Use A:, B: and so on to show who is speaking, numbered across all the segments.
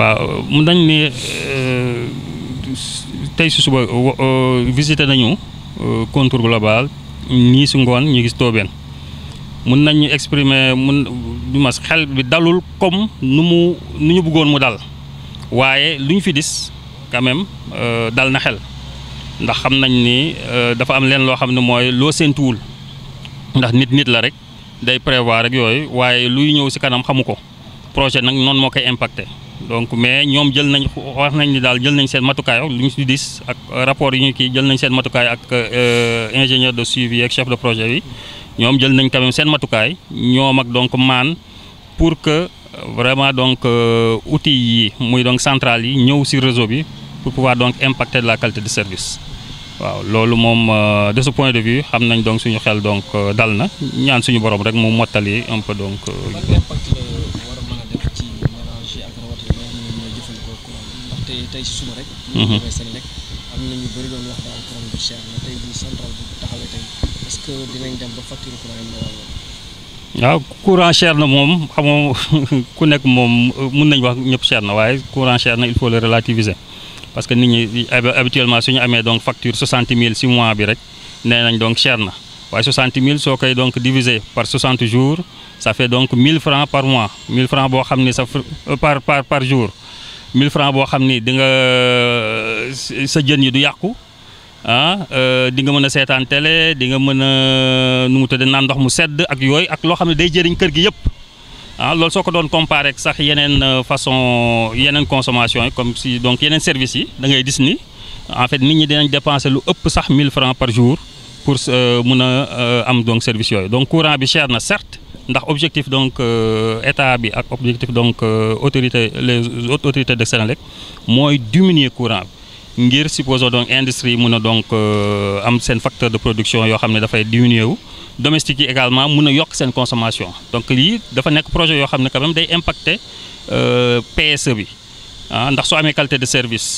A: waaw mun nañ ne euh, tey si suba euh, visité nañu euh, contour global nii si ngoon ñu gis toobeen mun nañ ñu mun du xel bi dalul comme nu mu nu ñu bëggoon mu dal waaye lu ñu fi dis quand même dal na xel ndax xam nañ ni dafa am leen loo xam ne mooy loo séentuwul ndax nit nit la rek day prévoir rek yooyu waaye luy ñëw si kanam xamu ko projet nag noonu moo koy impacté donc mais ñoom jël nañ wax nañ ni daal jël nañ seen matukaay lu ñu si dis ak rapport yi ñu kii jël nañ seen matukaay ak euh, ingénieur de suivi ak chef de projet bi ñoom jël nañ quand seen matukaay ñoom ak donc maan pour que vraiment donc euh, outils yi muy donc centrales yi ñëw si réseau bi pour pouvoir donc impacter la qualité de service waaw loolu moom euh, de ce point de vue xam nañ donc suñu xel donc dal na ñaan suñu borom rek mu mottali un peu donc. tey tey si suba rek. Mhm. ñu na waaw courant cher na moom xam ku nekk moom mun nañ wax ñëpp cher na waaye courant cher na il faut le relativiser parce que nit ñi habituellement su ñu amee donc facture soixante mille si mois bi rek nee nañ donc cher na waaye soixante mille soo koy donc diviser par soixante jours ça fait donc mille francs par mois mille francs boo xam ne sa par par par jour. 1000 francs boo xam ni di nga euh, sa jën yi du yàqu ah euh, di nga mën a seetaan télé di nga mën a nu mu tëddee naan ndox mu sedd ak yooyu ak loo xam ne day jëriñ kër gi yëpp ah loolu soo ko doon comparé ak sax yeneen euh, façon yeneen consommation yi comme si donc yeneen service yi da ngay gis ni en fait nit ñi dinañ dépenser lu ëpp sax mille francs par jour pour mën a am donc service yooyu donc courant bi cher na certes. ndax objectif donc euh, état bi ak objectif donc euh, autorité les autorités de Senelec mooy diminuer courant bi ngir supposons donc industrie mun a donc euh, am seen facteur de production yoo xam ne dafay diminuer wu domestique yi également mun a yokk seen consommation donc lii dafa nekk projet yoo xam ne quand même day impacter PSE bi ah ndax soo amee qualité de service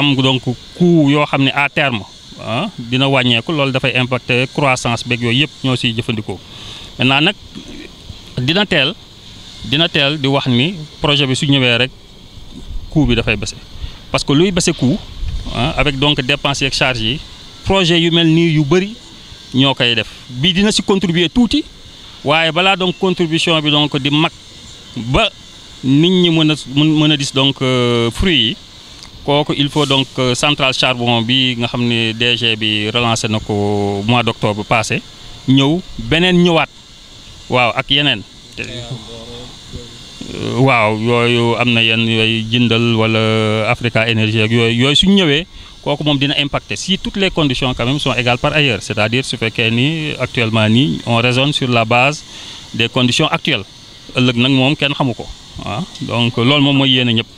A: am donc coût yoo xam ne à terme ah dina wàññeeku loolu dafay impacter croissance beeg yooyu yëpp ñoo siy jëfandikoo maintenant nag dina teel dina teel di wax ni projet bi su ñëwee rek coût bi dafay bese parce que luy bese coût ah avec donc dépenses yeeg charges yi projet yu mel nii yu bëri ñoo koy def bii dina si contribuer tuuti waaye balaa donc contribution bi donc di mag ba nit ñi mën a mën a gis donc euh, fruit yi. kooku il faut donc euh, centrale charbon bi nga xam ne DG bi relancé na ko mois d' octobre passé ñëw beneen ñëwaat waaw ak yeneen. Euh, waaw yooyu am na yenn yooyu jëndal wala Africa énergie ak yooyu yooyu suñ ñëwee kooku moom dina impacter si toutes les conditions quand même sont égales par ailleurs c' à dire su fekkee ni actuellement nii on raisonne sur la base des conditions actuelles ëllëg nag moom kenn xamu ko waaw ah. donc loolu moom mooy yéene ñëpp.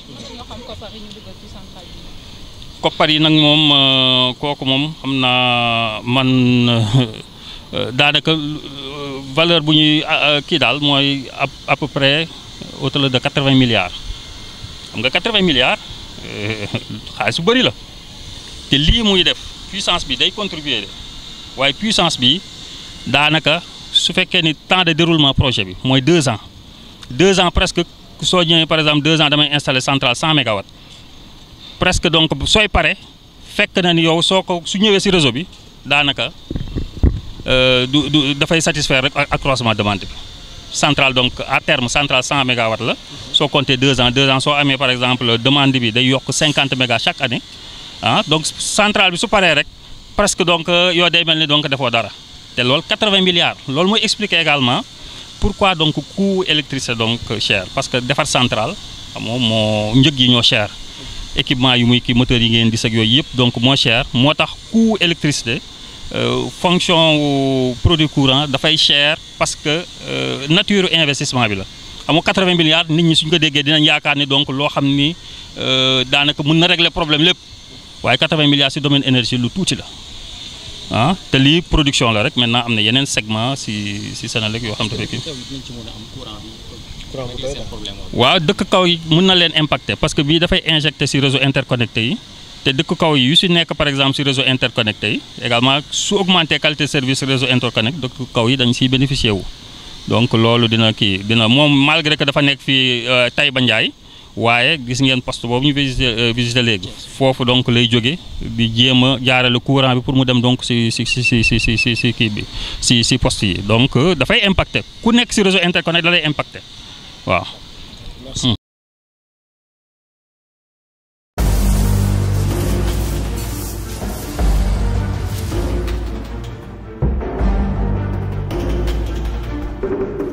A: koppar yi nag moom euh, kooku moom am na man euh, daanaka euh, valeur bu ñuy kii daal mooy à peu près autour de quatre vingt milliards xam nga quatre vingt milliards xaalis su bëri la te lii muy def puissance bi day contribuer de waaye puissance bi daanaka su fekkee ni temps de déroulement projet bi mooy deux ans deux ans presque soo ñëwee par exemple deux ans damay installer centrale cent presque donc sooy pare fekk na ni yow soo ko su ñëwee si réseau bi daanaka euh, du du dafay satisfaire rek accroissement demande bi central donc à terme centrale 100 la soo compter deux ans deux ans soo amee par exemple demande bi day yokk 50 méga chaque année ah donc centrale bi su paree rek presque donc euh, yow day mel ni donc defoo dara te loolu 80 milliards loolu mooy expliquer également pourquoi donc coût électricité donc cher parce que defar centrale moom moo njëg yi ñoo cher. équipement yu muy kii moteur yi ngeen gis ak yooyu yëpp donc moins cher moo tax coût électricité euh, fonction produit courant dafay cher parce que euh, nature investissement bi la xam nga 80 milliards nit ñi suñ ko déggee dinañ yaakaar ni donc loo xam ni euh, daanaka mën na régler problème lépp waaye 80 milliards si domaine énergie lu tuuti la ah te lii production la rek maintenant am na yeneen segment si si Senelec yoo xam te ne waaw dëkk kaw yi mun na leen impacter parce que bii dafay injecter si réseau interconnecté yi te dëkk kaw yi yu nekk par exemple ci réseau interconnecté yi également su augmenter qualité service réseau interconnecté dëkk kaw yi dañ ciy bénéficier donc loolu dina kii dina moom malgré que dafa nekk fii euh, ba Ndiaye waaye gis ngeen poste boobu ñu visité euh, visité léegi foofu donc lay jóge bi jéem jaarale courant bi pour mu dem donc si si si si si si kii bi si si poste yi donc euh, dafay impacté ku nekk si réseau interconnecté waaw thank hmm.